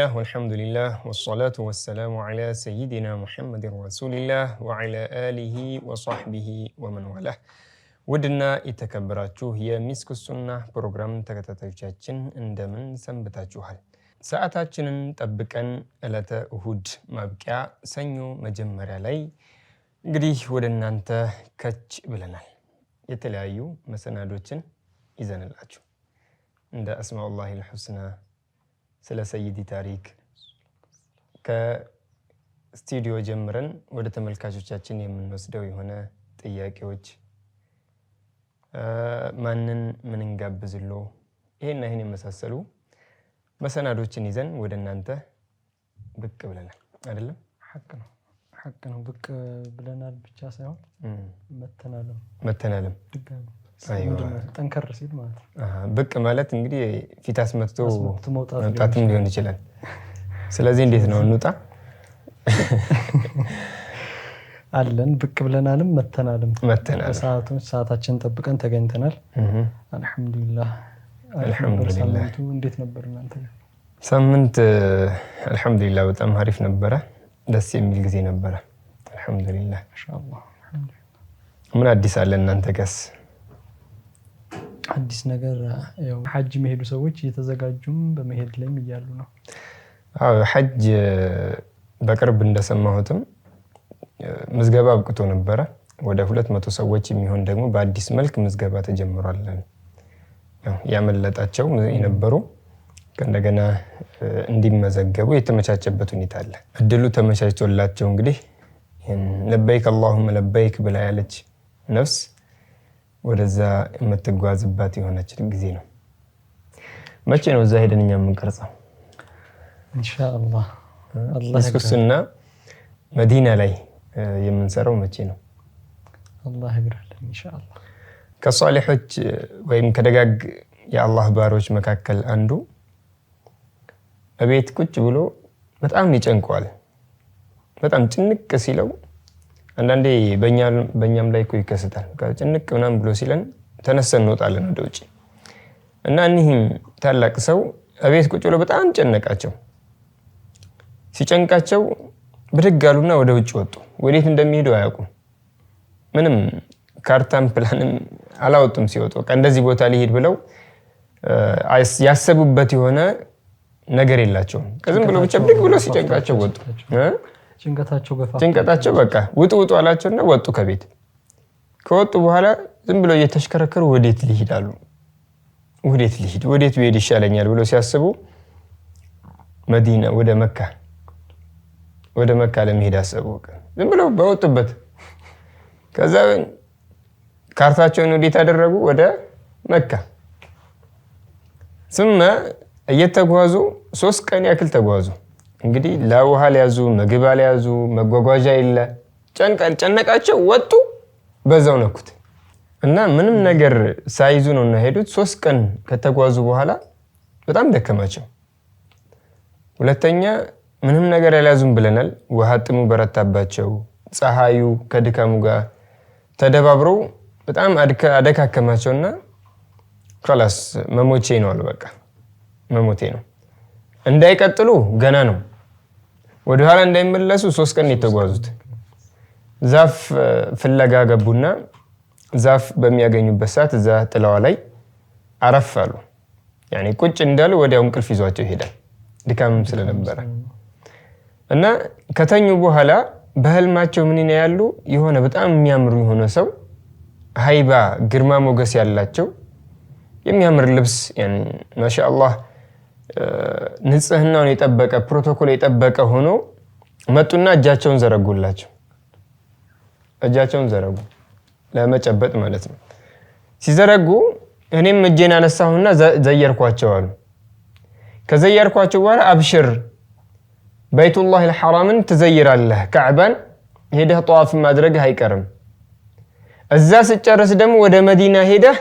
ብስሚላህ ወልሐምዱሊላህ ወሰላቱ ወሰላሙ ዐላ ሰይዲና ሙሐመድን ረሱሊላህ ወዐላ አሊሂ ወሶሕቢሂ ወመንዋላህ። ውድና የተከበራችሁ የሚስክ ሱና ፕሮግራም ተከታታዮቻችን እንደምን ሰንብታችኋል? ሰዓታችንን ጠብቀን ዕለተ እሁድ ማብቂያ ሰኞ መጀመሪያ ላይ እንግዲህ ወደ እናንተ ከች ብለናል። የተለያዩ መሰናዶችን ይዘንላችሁ እንደ አስማኡላሂል ሑስና ስለ ሰይዲ ታሪክ ከስቱዲዮ ጀምረን ወደ ተመልካቾቻችን የምንወስደው የሆነ ጥያቄዎች፣ ማንን ምን እንጋብዝሎ ይሄና ይህን የመሳሰሉ መሰናዶችን ይዘን ወደ እናንተ ብቅ ብለናል። አይደለም? ሐቅ ነው ሐቅ ነው። ብቅ ብለናል ብቻ ሳይሆን መተናለም መተናለም ጠንከር ሲል ማለት ነው። ብቅ ማለት እንግዲህ ፊት አስመትቶ መውጣትም ሊሆን ይችላል። ስለዚህ እንዴት ነው እንውጣ አለን። ብቅ ብለናልም መተናልም መተናል። ሰዓታችን ጠብቀን ተገኝተናል። አልሐምዱሊላህ እንዴት ነበር እናንተ? ሳምንት አልሐምዱሊላህ በጣም አሪፍ ነበረ። ደስ የሚል ጊዜ ነበረ። አልሐምዱሊላህ ምን አዲስ አለ እናንተ ጋስ? አዲስ ነገር ያው ሐጅ የሚሄዱ ሰዎች እየተዘጋጁም በመሄድ ላይም እያሉ ነው። አዎ ሐጅ በቅርብ እንደሰማሁትም ምዝገባ አብቅቶ ነበረ። ወደ ሁለት መቶ ሰዎች የሚሆን ደግሞ በአዲስ መልክ ምዝገባ ተጀምሯል። ያመለጣቸው የነበሩ እንደገና እንዲመዘገቡ የተመቻቸበት ሁኔታ አለ። እድሉ ተመቻችቶላቸው እንግዲህ ለበይክ አላሁመ ለበይክ ብላ ያለች ነፍስ ወደዛ የምትጓዝባት የሆነች ጊዜ ነው። መቼ ነው እዛ ሄደን እኛ የምንቀርጸው? ኢንሻአላህ መዲና ላይ የምንሰራው መቼ ነው? አላህ ከሷሊሖች ወይም ከደጋግ የአላህ ባሮች መካከል አንዱ እቤት ቁጭ ብሎ በጣም ይጨንቀዋል። በጣም ጭንቅ ሲለው አንዳንዴ በእኛም ላይ እኮ ይከሰታል። ጭንቅ ምናምን ብሎ ሲለን ተነስተን እንወጣለን ወደ ውጭ እና እኒህም ታላቅ ሰው እቤት ቁጭ ብሎ በጣም ጨነቃቸው። ሲጨንቃቸው ብድግ አሉና ወደ ውጭ ወጡ። ወዴት እንደሚሄዱ አያውቁም። ምንም ካርታም ፕላንም አላወጡም። ሲወጡ በቃ እንደዚህ ቦታ ሊሄድ ብለው ያሰቡበት የሆነ ነገር የላቸውም። ከዝም ብሎ ብቻ ብድግ ብሎ ሲጨንቃቸው ወጡ። ጭንቀታቸው በቃ ውጡ ውጡ አላቸውና ወጡ ከቤት። ከወጡ በኋላ ዝም ብለው እየተሽከረከሩ ወዴት ሊሂድ አሉ። ወዴት ሊሄድ ወዴት ብሄድ ይሻለኛል ብለው ሲያስቡ መዲና ወደ መካ ወደ መካ ለመሄድ አሰቡ። ዝም ብለው በወጡበት ከዛ ካርታቸውን ወዴት አደረጉ? ወደ መካ ስመ እየተጓዙ ሶስት ቀን ያክል ተጓዙ። እንግዲህ ለውሃ ሊያዙ ምግብ አልያዙ መጓጓዣ የለ፣ ጨነቃቸው ወጡ፣ በዛው ነኩት እና ምንም ነገር ሳይዙ ነው እና ሄዱት። ሶስት ቀን ከተጓዙ በኋላ በጣም ደከማቸው። ሁለተኛ ምንም ነገር ያልያዙም ብለናል። ውሃ ጥሙ በረታባቸው፣ ፀሐዩ ከድካሙ ጋር ተደባብሮ በጣም እና ከላስ መሞቼ ነው አሉ። በቃ መሞቴ ነው እንዳይቀጥሉ ገና ነው ወደ ኋላ እንዳይመለሱ ሶስት ቀን የተጓዙት ዛፍ ፍለጋ ገቡና ዛፍ በሚያገኙበት ሰዓት እዛ ጥላዋ ላይ አረፍ አሉ። ያኔ ቁጭ እንዳሉ ወዲያው እንቅልፍ ይዟቸው ይሄዳል፣ ድካምም ስለነበረ እና ከተኙ በኋላ በህልማቸው ምን ያሉ የሆነ በጣም የሚያምሩ የሆነ ሰው ሀይባ ግርማ ሞገስ ያላቸው የሚያምር ልብስ ማሻ አላህ ንጽህናውን የጠበቀ ፕሮቶኮል የጠበቀ ሆኖ መጡና እጃቸውን ዘረጉላቸው። እጃቸውን ዘረጉ ለመጨበጥ ማለት ነው። ሲዘረጉ እኔም እጄን አነሳሁና ዘየርኳቸው አሉ። ከዘየርኳቸው በኋላ አብሽር በይቱላህ ልሐራምን ትዘይራለህ። ካዕባን ሄደህ ጠዋፍ ማድረግህ አይቀርም። እዛ ስጨርስ ደግሞ ወደ መዲና ሄደህ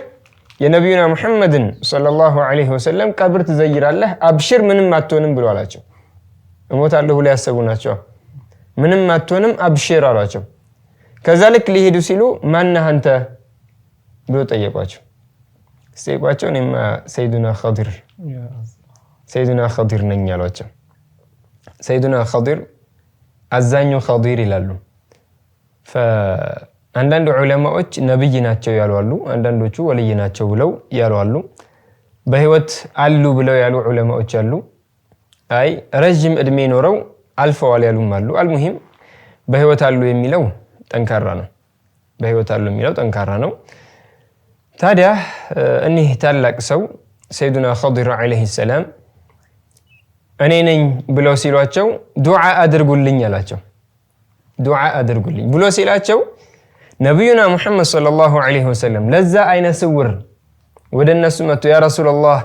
የነቢዩና ሙሐመድን ሰለላሁ ዐለይሂ ወሰለም ቀብር ትዘይራለህ፣ አብሽር ምንም አትሆንም ብሎ አላቸው። እሞታለሁ ብሎ ያሰቡ ናቸው። ምንም አትሆንም አብሽር አሏቸው። ከዛ ልክ ሊሄዱ ሲሉ ማነህ አንተ ብሎ ጠየቋቸው። ስጠይቋቸው እኔማ ሰይዱና ኸዲር ሰይዱና ኸዲር ነኝ አሏቸው። ሰይዱና ኸዲር አዛኙ ኸዲር ይላሉ አንዳንድ ዑለማዎች ነብይ ናቸው ያሉአሉ። አንዳንዶቹ ወልይ ናቸው ብለው ያሉአሉ። በህይወት አሉ ብለው ያሉ ዑለማዎች አሉ። አይ ረዥም እድሜ ኖረው አልፈዋል ያሉም አሉ። አልሙሂም በህይወት አሉ የሚለው ጠንካራ ነው። በህይወት አሉ የሚለው ጠንካራ ነው። ታዲያ እኒህ ታላቅ ሰው ሰይዱና ኸድር ዓለይሂ ሰላም እኔ ነኝ ብለው ሲሏቸው ዱዓ አድርጉልኝ አላቸው። ዱዓ አድርጉልኝ ብሎ ሲላቸው ነቢዩና ሙሐመድ ሰለላሁ ዐለይሂ ወሰለም ለዛ አይነ ስውር ወደ እነሱ መጥቶ ያ ረሱላላህ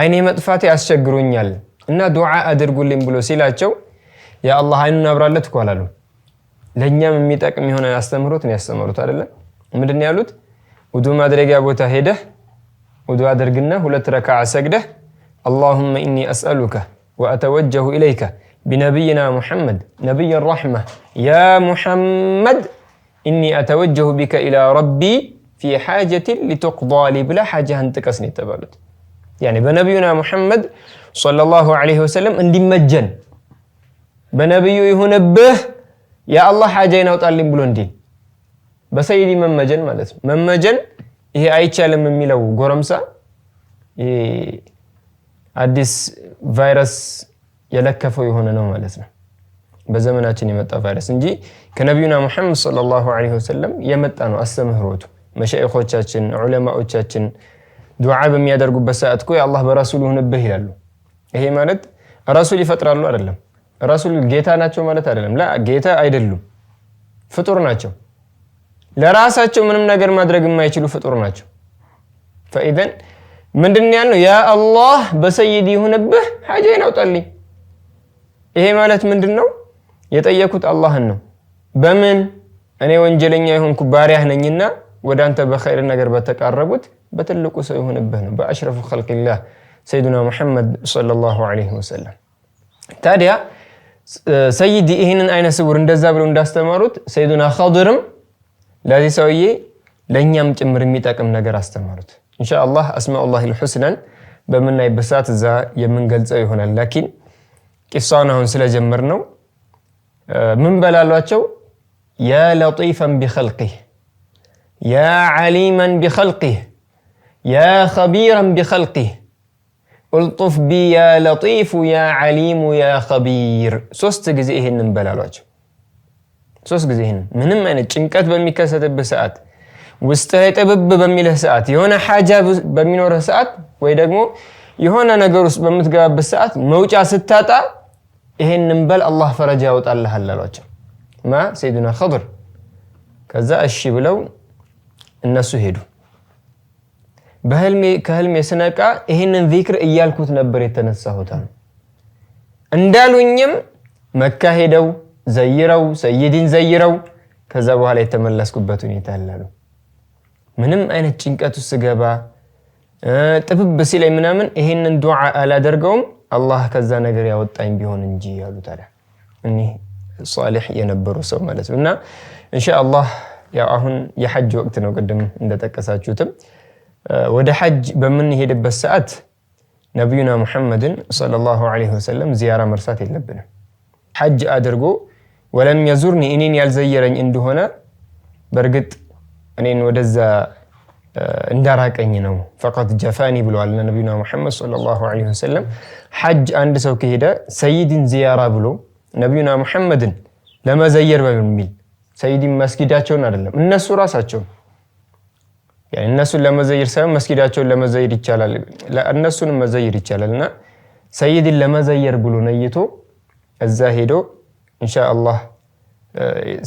አይኔ መጥፋት ያስቸግሩኛል። እና ዱዓ አድርጉልኝ ብሎ ሲላቸው የአላህ አይኑን አብራለት እኮ አላሉ። ለእኛም የሚጠቅም የሆነ አስተምህሮት ነው ያስተምሩት አይደለ? ምንድን ያሉት? ውዱ ማድረጊያ ቦታ ሄደህ ውዱ አድርግና ሁለት ረክዓ ሰግደህ አላሁመ ኢኒ አስአሉከ ወአተወጀሁ ኢለይከ ቢነቢይና ሙሐመድ ነቢይ ራሕማ ያ ሙሐመድ ኢኒ አተወጀሁ ቢከ ኢላ ረቢ ፊ ሓጀትን ሊተቅዳ ብላ ሓጃህን ጥቀስ ነው የተባሉት። ያኔ በነቢዩና ሙሐመድ ሰለላሁ ዓለይሂ ወሰለም እንዲመጀን በነቢዩ ይሁንብህ የአላህ ሓጃይን አውጣልኝ ብሎ እንዲል በሰይዲ መመጀን ማለት ነው። መመጀን ይሄ አይቻልም የሚለው ጎረምሳ አዲስ ቫይረስ የለከፈው የሆነ ነው ማለት ነው። በዘመናችን የመጣ ቫይረስ እንጂ ከነቢዩና ሙሐመድ ሰለላሁ ዐለይሂ ወሰለም የመጣ ነው አስተምህሮቱ። መሻይኮቻችን ዑለማዎቻችን ዱዓ በሚያደርጉበት ሰዓት እኮ የአላህ በራሱል ሁንብህ ይላሉ። ይሄ ማለት ራሱል ይፈጥራሉ አይደለም። ራሱል ጌታ ናቸው ማለት አይደለም። ላ ጌታ አይደሉም፣ ፍጡር ናቸው። ለራሳቸው ምንም ነገር ማድረግ የማይችሉ ፍጡር ናቸው። ፈኢዘን ምንድን ያልነው ያ አላህ በሰይድ ይሁንብህ ሓጃ ይናውጣልኝ። ይሄ ማለት ምንድን ነው? የጠየኩት አላህን ነው። በምን እኔ ወንጀለኛ የሆንኩ ባሪያህ ነኝና ወደ አንተ በኸይር ነገር በተቃረቡት በትልቁ ሰው የሆንብህ ነው። በአሽረፉ ኸልቅላህ ሰይዱና ሙሐመድ ሰለላሁ ዐለይሂ ወሰለም። ታዲያ ሰይድ ይህንን አይነ ስውር እንደዛ ብለው እንዳስተማሩት ሰይዱና ኸድርም ለዚህ ሰውዬ ለእኛም ጭምር የሚጠቅም ነገር አስተማሩት። እንሻአላህ አስማኡላህ ልሑስናን በምናይበት ሰዓት እዛ የምንገልጸው ይሆናል። ላኪን ቂሳውን አሁን ስለጀመር ነው ምን በላሏቸው? ያ ለጢፈን ቢኸልቂህ፣ ያ ዓሊመን ቢኸልቂህ፣ ያ ኸቢረን ቢኸልቂህ፣ ኡልጡፍ ቢ ያ ለጢፉ ያ ዓሊሙ ያ ኸቢር። ሶስት ጊዜ ይህንን በላሏቸው። ሶስት ጊዜ ይህንን ምንም አይነት ጭንቀት በሚከሰትብህ ሰዓት፣ ውስጥ ላይ ጥብብ በሚልህ ሰዓት፣ የሆነ ሓጃ በሚኖርህ ሰዓት፣ ወይ ደግሞ የሆነ ነገር ውስጥ በምትገባበት ሰዓት መውጫ ስታጣ ይሄንን በል አላህ ፈረጃ ያውጣልሃል አሏቸው። ማ ሰይዱና ኸድር ከዛ እሺ ብለው እነሱ ሄዱ። በህልሜ ከህልሜ ስነቃ ይሄንን ዚክር እያልኩት ነበር የተነሳሁታል። እንዳሉኝም መካ ሄደው ዘይረው ሰይድን ዘይረው ከዛ በኋላ የተመለስኩበት ሁኔታ አላሉ። ምንም አይነት ጭንቀቱ ስገባ ጥብብ ሲለኝ ምናምን ይሄንን ዱዓ አላደርገውም አላህ ከዛ ነገር ያወጣኝ ቢሆን እንጂ ያሉ ታዲያ እኒህ ሷሊሕ የነበሩ ሰው ማለት ነው። እና እንሻአላህ ያው አሁን የሐጅ ወቅት ነው። ቅድም እንደጠቀሳችሁትም ወደ ሐጅ በምንሄድበት ሰዓት ነቢዩና ሙሐመድን ሰለላሁ ዐለይሂ ወሰለም ዚያራ መርሳት የለብንም። ሐጅ አድርጎ ወለም የዙርኒ እኔን ያልዘየረኝ እንደሆነ በእርግጥ እኔን ወደዛ እንዳራቀኝ ነው። ፈቀት ጀፋኒ ብለዋል ነቢዩና ሙሐመድ ሰለላሁ ዐለይሂ ወሰለም። ሐጅ አንድ ሰው ከሄደ ሰይድን ዝያራ ብሎ ነቢዩና ሙሐመድን ለመዘየር በሚል ሰይድን መስጊዳቸውን አይደለም እነሱ ራሳቸው እነሱን ለመዘየር ሳይሆን መስጊዳቸውን ለመዘየር ይቻላል፣ እነሱንም መዘየር ይቻላል። እና ሰይድን ለመዘየር ብሎ ነይቶ እዛ ሄዶ ኢንሻአላህ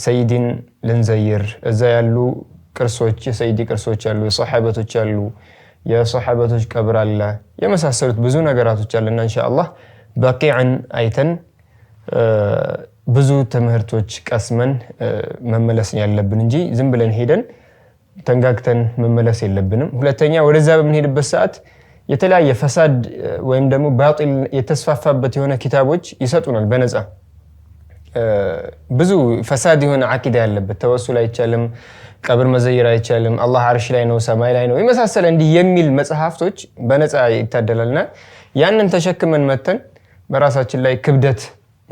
ሰይድን ልንዘይር እዛ ያሉ ቅርሶች፣ የሰይዲ ቅርሶች አሉ፣ የሶሐበቶች አሉ፣ የሶሐበቶች ቀብር አለ፣ የመሳሰሉት ብዙ ነገራቶች አለና ኢንሻአላህ በቂዕን አይተን ብዙ ትምህርቶች ቀስመን መመለስ ያለብን እንጂ ዝም ብለን ሄደን ተንጋግተን መመለስ የለብንም። ሁለተኛ ወደዛ በምንሄድበት ሰዓት የተለያየ ፈሳድ ወይም ደግሞ ባጢል የተስፋፋበት የሆነ ኪታቦች ይሰጡናል በነፃ ብዙ ፈሳድ የሆነ አቂዳ ያለበት ተወሱል አይቻልም። ቀብር መዘየር አይቻልም፣ አላህ አርሽ ላይ ነው፣ ሰማይ ላይ ነው የመሳሰለ እንዲህ የሚል መጽሐፍቶች በነፃ ይታደላልና ያንን ተሸክመን መተን በራሳችን ላይ ክብደት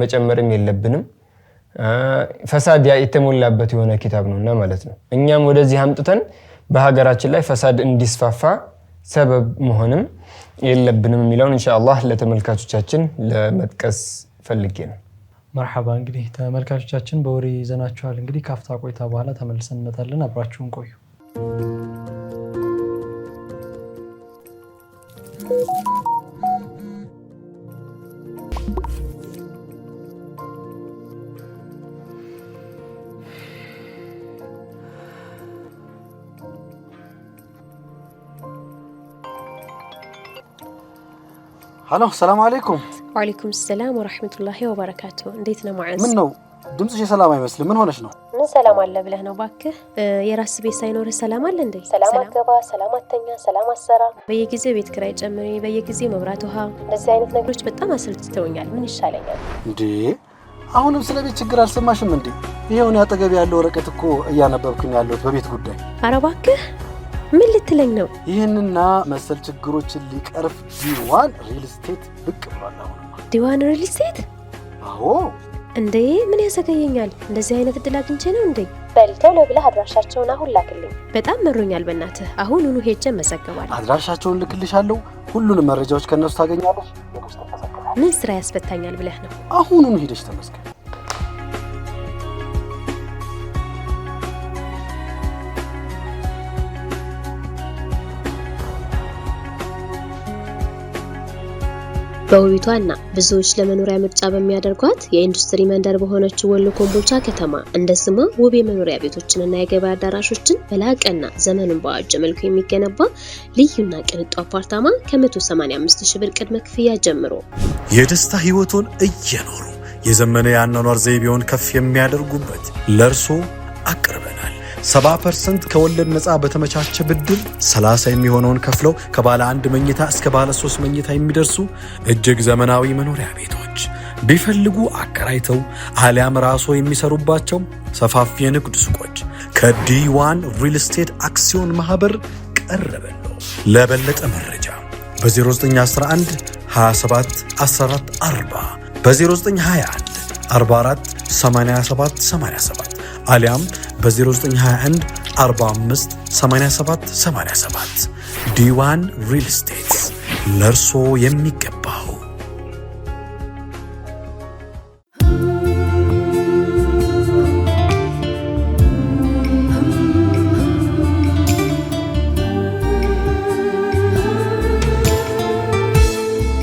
መጨመርም የለብንም። ፈሳድ የተሞላበት የሆነ ኪታብ ነውና ማለት ነው። እኛም ወደዚህ አምጥተን በሀገራችን ላይ ፈሳድ እንዲስፋፋ ሰበብ መሆንም የለብንም የሚለውን እንሻ አላህ ለተመልካቾቻችን ለመጥቀስ ፈልጌ ነው። መርሓባ እንግዲህ ተመልካቾቻችን በወሬ ይዘናችኋል። እንግዲህ ካፍታ ቆይታ በኋላ ተመልሰን እንመጣለን። አብራችሁን ቆዩ። ሀሎ ሰላም አሌይኩም። ወአለይኩም ሰላም ወራህመቱላሂ ወበረካቱ። እንዴት ነው መዓዝ? ምን ነው ድምፅሽ የሰላም አይመስልም። ምን ሆነሽ ነው? ምን ሰላም አለ ብለህ ነው ባክህ። የራስ ቤት ሳይኖርህ ሰላም አለ እንዴ? ሰላም አትገባ፣ ሰላም አተኛ፣ ሰላም አሰራ፣ በየጊዜው ቤት ክራይ ጨምሪ፣ በየጊዜው መብራት፣ ውሃ፣ እንደዚህ አይነት ነገሮች በጣም አሰልችተውኛል። ምን ይሻለኛል እንዴ? አሁንም ስለ ቤት ችግር አልሰማሽም እንዴ? ይኸውን አጠገብ ያለው ወረቀት እኮ እያነበብኩኝ ያለሁት በቤት ጉዳይ። አረ እባክህ ምን ልትለኝ ነው? ይህንና መሰል ችግሮችን ሊቀርፍ ቢዋን ሪል ስቴት ብቅ ብሏል አሁን ዲዋን ሪል ስቴት? አዎ። እንዴ ምን ያዘገየኛል? እንደዚህ አይነት እድል አግኝቼ ነው እንዴ? በል ቶሎ ብለህ አድራሻቸውን አሁን ላክልኝ። በጣም መሮኛል። በእናትህ አሁን ሁኑ ሄጀ መዘገባለሁ። አድራሻቸውን ልክልሻለሁ። ሁሉንም መረጃዎች ከእነሱ ታገኛለሽ። ምን ስራ ያስፈታኛል ብለህ ነው? አሁኑኑ ሄደሽ ተመስገን። በውቢቷ እና ብዙዎች ለመኖሪያ ምርጫ በሚያደርጓት የኢንዱስትሪ መንደር በሆነችው ወሎ ኮምቦልቻ ከተማ እንደ ስሟ ውብ የመኖሪያ ቤቶችንና የገበያ አዳራሾችን በላቀና ዘመኑን በዋጀ መልኩ የሚገነባ ልዩና ቅንጡ አፓርታማ ከ185 ሺህ ብር ቅድመ ክፍያ ጀምሮ የደስታ ህይወቶን እየኖሩ የዘመነ የአኗኗር ዘይቤውን ከፍ የሚያደርጉበት ለእርሶ አቅርበናል። 70% ከወለድ ነፃ በተመቻቸ ብድር 30 የሚሆነውን ከፍለው ከባለ አንድ መኝታ እስከ ባለ 3 መኝታ የሚደርሱ እጅግ ዘመናዊ መኖሪያ ቤቶች ቢፈልጉ አከራይተው አሊያም ራሶ የሚሰሩባቸው ሰፋፊ የንግድ ሱቆች ከዲዋን ሪል ስቴት አክሲዮን ማህበር ቀረበለው። ለበለጠ መረጃ በ0911 27 14 40 በ0921 44 87 87 አሊያም በ0921 45 87 87 ዲዋን ሪል ስቴት ለእርሶ የሚገባው